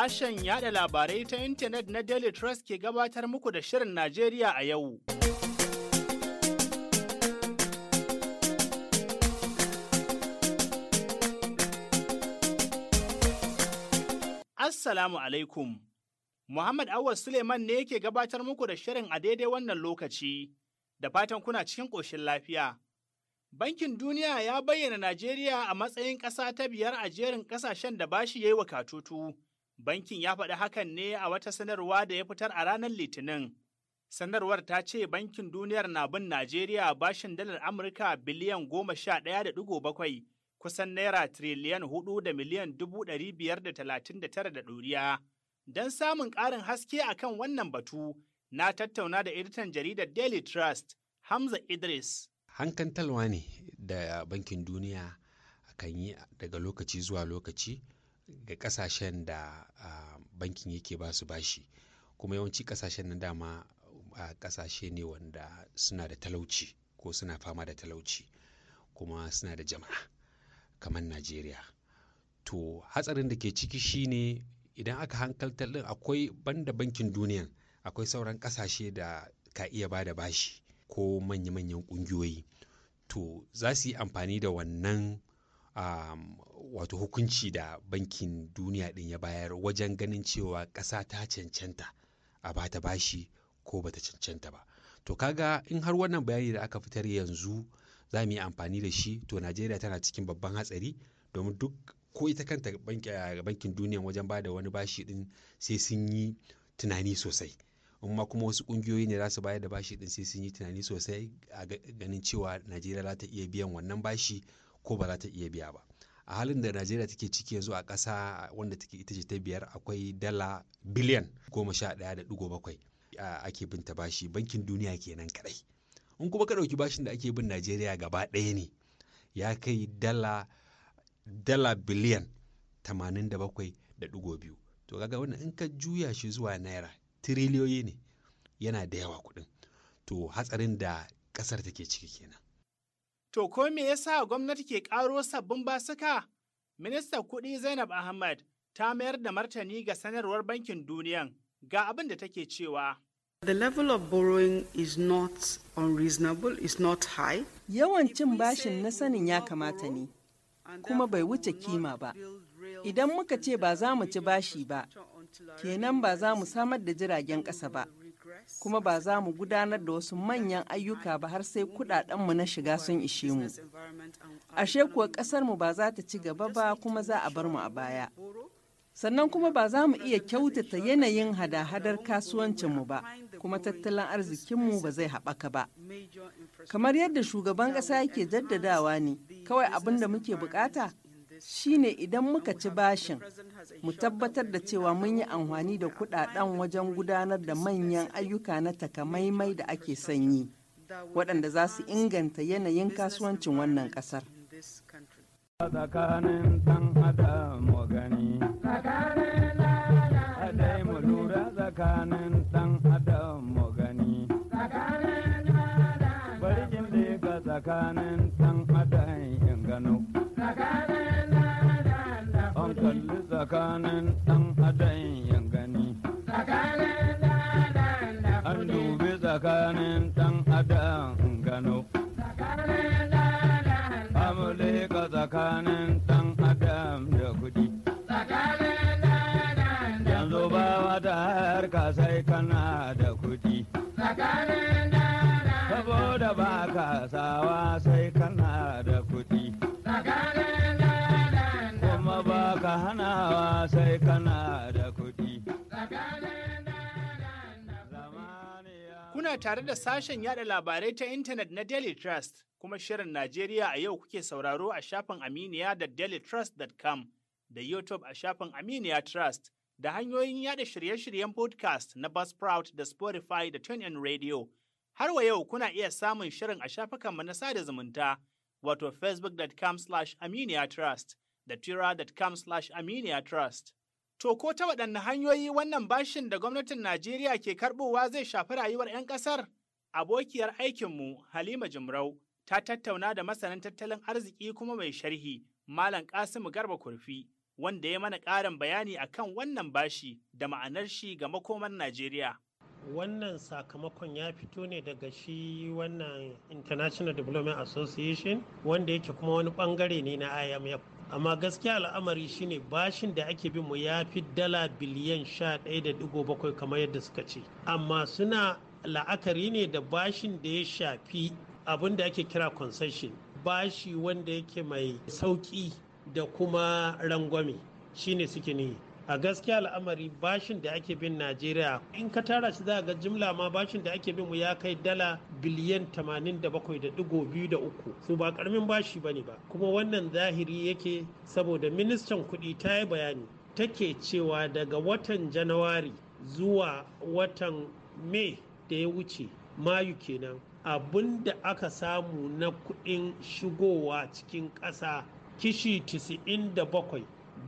Sashen yada labarai ta intanet na Daily Trust ke gabatar muku da Shirin Najeriya a yau. Assalamu alaikum. Muhammad Awas Suleiman ne yake gabatar muku da shirin a daidai wannan lokaci, da fatan kuna cikin ƙoshin lafiya. Bankin Duniya ya bayyana Najeriya a matsayin ƙasa ta biyar a jerin ƙasashen da bashi ya yi wa katutu. Bankin ya faɗi hakan ne a wata sanarwa da ya fitar a ranar Litinin. Sanarwar ta ce Bankin Duniyar na bin Najeriya bashin dalar Amurka biliyan goma sha ɗaya da ɗigo bakwai, kusan naira tiriliyan hudu da miliyan dubu ɗari biyar da talatin da tara da ɗuriya. Don samun ƙarin haske a kan wannan batu, na tattauna da editan jaridar Daily Trust, Hamza Idris. Hankantalwa ne da Bankin Duniya kan yi daga lokaci zuwa lokaci. ga kasashen da bankin yake ba su bashi kuma yawanci kasashen na dama a kasashe ne wanda suna da talauci ko suna fama da talauci kuma suna da jama'a kamar najeriya to hatsarin da ke ciki shine idan aka hankaltar din akwai banda bankin duniyan akwai sauran kasashe da ka iya ba da bashi ko manya-manyan ƙungiyoyi to za su yi amfani da wannan um, wato hukunci da bankin duniya din ya bayar wajen ganin cewa ƙasa ta cancanta a bata bashi ko bata cancanta ba to kaga in har wannan bayani da aka fitar yanzu za mu yi amfani da shi to najeriya tana cikin babban hatsari domin duk ko ita kanta eh, bankin duniya wajen ba da wani bashi din sai sun yi tunani sosai in kuma wasu kungiyoyi ne za su bayar da bashi din sai sun yi tunani sosai a ganin cewa najeriya za ta iya biyan wannan bashi ko ba za ta iya biya ba a halin da najeriya take ciki yanzu a ƙasa wanda take ita ce ta biyar akwai dala biliyan goma sha ɗaya da ɗigo bakwai ake bin ta bashi bankin duniya kenan kaɗai in kuma ka ɗauki bashin da ake bin najeriya gaba ɗaya ne ya kai dala dala biliyan tamanin da bakwai da ɗigo biyu to kaga wannan in ka juya shi zuwa naira tiriliyoyi ne yana da yawa kuɗin to hatsarin da ƙasar take ciki kenan To ko me yasa gwamnati ke ƙaro sabbin basuka? Ministan kuɗi Zainab Ahmad ta mayar da martani ga sanarwar bankin duniyan ga abin da take cewa. The level of borrowing is not unreasonable, is not high. Yawan cin bashin na sanin ya kamata ne, kuma bai wuce kima ba. Idan muka ce ba za mu ci bashi ba, kenan ba za mu samar da jiragen ƙasa ba. kuma ba za mu gudanar da wasu manyan ayyuka ba har sai mu na shiga sun ishe mu. Ashe kuwa ƙasarmu ba za ta ci gaba ba kuma za a bar mu a baya. Sannan kuma ba za mu iya kyautata yanayin hada-hadar kasuwancinmu ba, kuma tattalin arzikinmu ba zai haɓaka ba. Kamar yadda shugaban ƙasa yake jaddadawa ne, kawai abin da muke bukata shine idan muka ci bashin mu tabbatar da cewa mun yi amfani da kudaden wajen gudanar da manyan ayyuka na takamaimai da ake sanyi waɗanda za su inganta yanayin kasuwancin wannan ƙasar. tsakanin dan adam tsakanin ɗan adayin ya gani an dubi tsakanin ɗan adayin gano amurka tsakanin hanawa Kuna tare da sashen yada labarai ta intanet na Daily Trust kuma Shirin Najeriya a yau kuke sauraro a shafin Aminiya da dailytrust.com da YouTube a shafin Aminiya Trust da hanyoyin yada shirye-shiryen podcast na Buzzsprout da Spotify da TuneIn Radio. Har wa yau kuna iya samun shirin a shafukanmu na sada zumunta wato facebook.com/aminiya trust. da tira.com slash aminiya trust. To ko ta waɗanne hanyoyi wannan bashin da gwamnatin Najeriya ke karɓowa zai shafi rayuwar 'yan ƙasar? Abokiyar aikinmu Halima Jimrau ta tattauna da masanin tattalin arziki kuma mai sharhi Malam Kasimu Garba Kurfi wanda ya mana ƙarin bayani a kan wannan bashi da ma'anar shi ga makoman Najeriya. wannan sakamakon ya fito ne daga shi wannan international development association wanda yake kuma wani bangare ne na imf amma gaskiya al'amari shine bashin da ake bin mu ya fi dala biliyan sha ɗaya da digo bakwai kamar yadda suka ce amma suna la'akari ne da bashin da ya shafi abin da ake kira concession bashi wanda yake mai sauƙi da kuma rangwame shine suke ne a gaskiya al'amari bashin da ake bin najeriya in ka tara shi za ga jimla ma bashin da ake bin mu ya kai dala biliyan da uku su ba karamin bashi ba ne ba kuma wannan zahiri yake saboda ministan kuɗi ta yi bayani take cewa daga watan janawari zuwa watan mai da ya wuce mayu kenan abin da aka samu na kuɗin shigowa cikin ƙasa kishi 97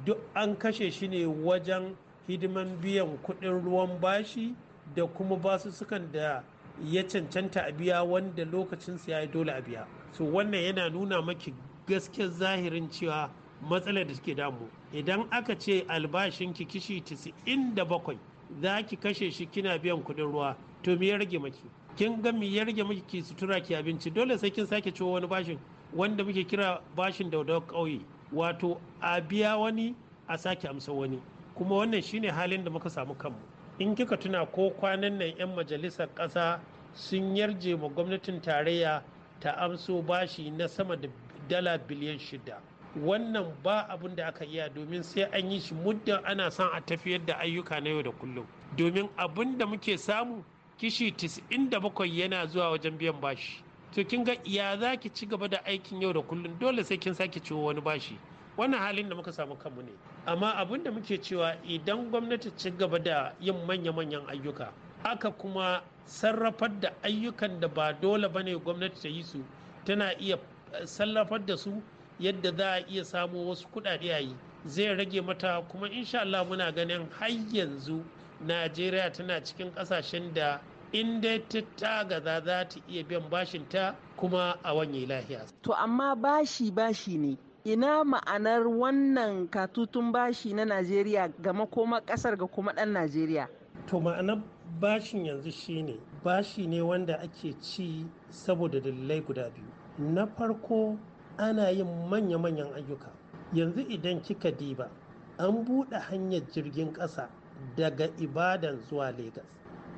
duk an kashe shi ne wajen hidiman biyan kuɗin ruwan bashi da kuma sukan da ya cancanta a biya wanda lokacin ya yi dole a biya so wannan yana nuna maki gaskiyar zahirin cewa matsalar da suke damu idan aka ce albashinki kishi 97 za ki kashe shi kina biyan kuɗin ruwa to me ya rage maki kin ga me ya rage maki ki sutura ki abinci dole sai kin sake ciwo wani bashin wanda muke kira bashin da daudawar ƙauye wato a biya wani a sake amsa wani kuma wannan shine halin da muka samu kanmu in kika tuna ko kwanan nan 'yan majalisar ƙasa sun yarje ma gwamnatin tarayya ta amso bashi na sama da dala biliyan shida wannan ba abin da aka iya domin sai an yi shi muddin ana son a tafiyar da ayyuka na yau da kullum domin abin da muke samu kishi 97 yana zuwa wajen biyan bashi to kin ga ya za ki ci gaba da aikin yau da kullum dole sai kin sake ciwo wani bashi wannan halin da muka samu kanmu ne amma abin da muke cewa idan gwamnati ci gaba da yin manya-manyan ayyuka aka kuma sarrafar da ayyukan da ba dole ba ne gwamnati ta yi su tana iya eh, sarrafar da su yadda za a iya samo wasu kuɗaɗe a yi zai rage mata kuma insha Allah muna ganin har yanzu najeriya tana cikin ƙasashen da in dai ta gaza za ta iya biyan bashin ta kuma a wanye lahiya. To amma bashi bashi ne. Ina ma'anar wannan katutun bashi na Najeriya ga makoma ƙasar ga kuma ɗan Najeriya? To ma'anar bashin yanzu shi ne bashi ne wanda ake ci saboda dalilai guda biyu. Na farko ana yin manya-manyan ayyuka. Yanzu idan kika diba an buɗe hanyar jirgin ƙasa daga Ibadan zuwa Legas.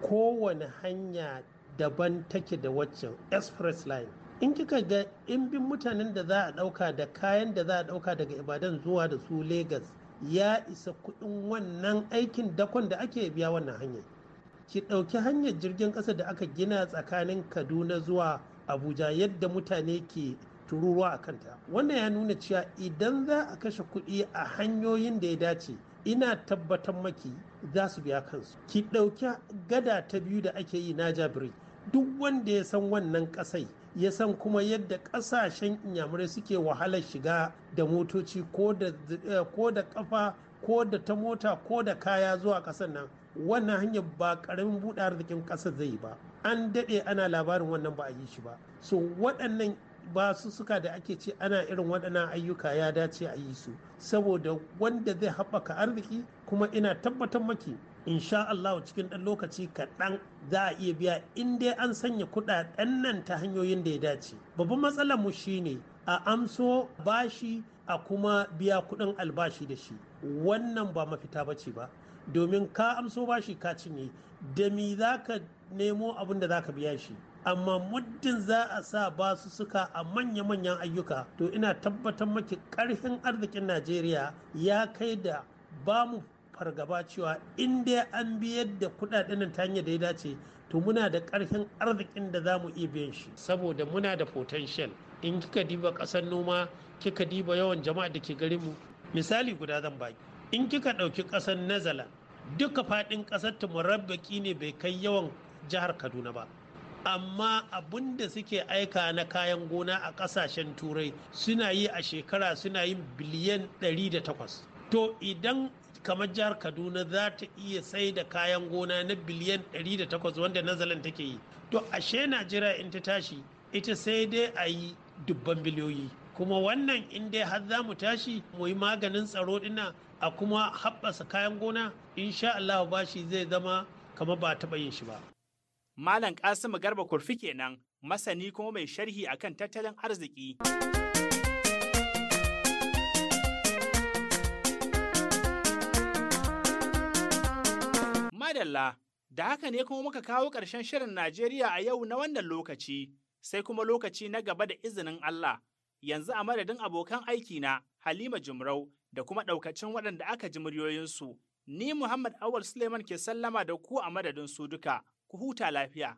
kowane hanya daban take da waccan express line in kika ga in bin mutanen da za a ɗauka da kayan da za a ɗauka daga ibadan zuwa da su lagos ya isa kuɗin wannan aikin dakon da ake biya wannan hanyar ki ɗauki hanyar jirgin ƙasa da aka gina tsakanin kaduna zuwa abuja yadda mutane ke tururuwa a kanta wannan ya nuna cewa idan za a kashe kuɗi a hanyoyin da ya dace ina tabbatar maki za su biya kansu ki ɗauki gada ta biyu da ake yi na jabiri duk wanda ya san wannan ƙasai ya san kuma yadda ƙasashen inyamurai suke wahalar shiga da motoci eh, ko da ƙafa ko da ta mota ko da kaya zuwa ƙasar nan wannan hanyar ba ƙaramin buɗe arzikin ƙasar zai ba an daɗe ana labarin wannan ba a yi shi ba so waɗannan ba su suka da ake ce ana irin waɗannan ayyuka ya dace a yi su saboda wanda zai haɓaka arziki kuma ina tabbatar maki insha Allah cikin ɗan lokaci kaɗan za a iya biya in dai an sanya kuɗaɗen nan ta hanyoyin da ya dace babban matsalar mu shine a amso bashi a kuma biya kuɗin albashi da shi wannan ba mafita ba ce ba domin ka amso bashi ka cinye da mi za ka nemo abin da za ka biya shi amma muddin za a sa ba su suka a manya-manyan ayyuka to ina tabbatar maki karfin arzikin najeriya ya kai da ba mu fargaba cewa in an biyar da kudaden nan ta hanyar da ya dace to muna da karfin arzikin da za mu iya biyan shi saboda muna da potential in kika diba kasar noma kika diba yawan jama'a da ke garin mu misali guda zan baki in kika ɗauki ƙasar nazala duka faɗin ƙasar ta murabbaki ne bai kai yawan jihar kaduna ba amma abin da suke aika na kayan gona a kasashen turai suna yi a shekara suna yin biliyan 108 to idan kamar jihar kaduna za ta iya sai da kayan gona na biliyan 108 wanda nazalin take yi to ashe najeriya in ta tashi ita sai dai a yi dubban biliyoyi kuma wannan in dai har za mu tashi mu yi maganin tsaro dina a kuma haɓasa kayan gona insha Allah bashi zai zama kamar ba taɓa yin shi ba Malam Kasimu Garba Kurfi kenan, masani kuma mai sharhi akan tattalin arziki. Madalla, da haka ne kuma muka kawo ƙarshen shirin Najeriya a yau na wannan lokaci, sai kuma lokaci na gaba da izinin Allah. Yanzu a madadin abokan aikina, Halima Jumrau, da kuma ɗaukacin waɗanda aka ji muryoyinsu, ni Muhammad Awal Suleiman ke sallama da ku a madadin su duka. ku huta lafiya.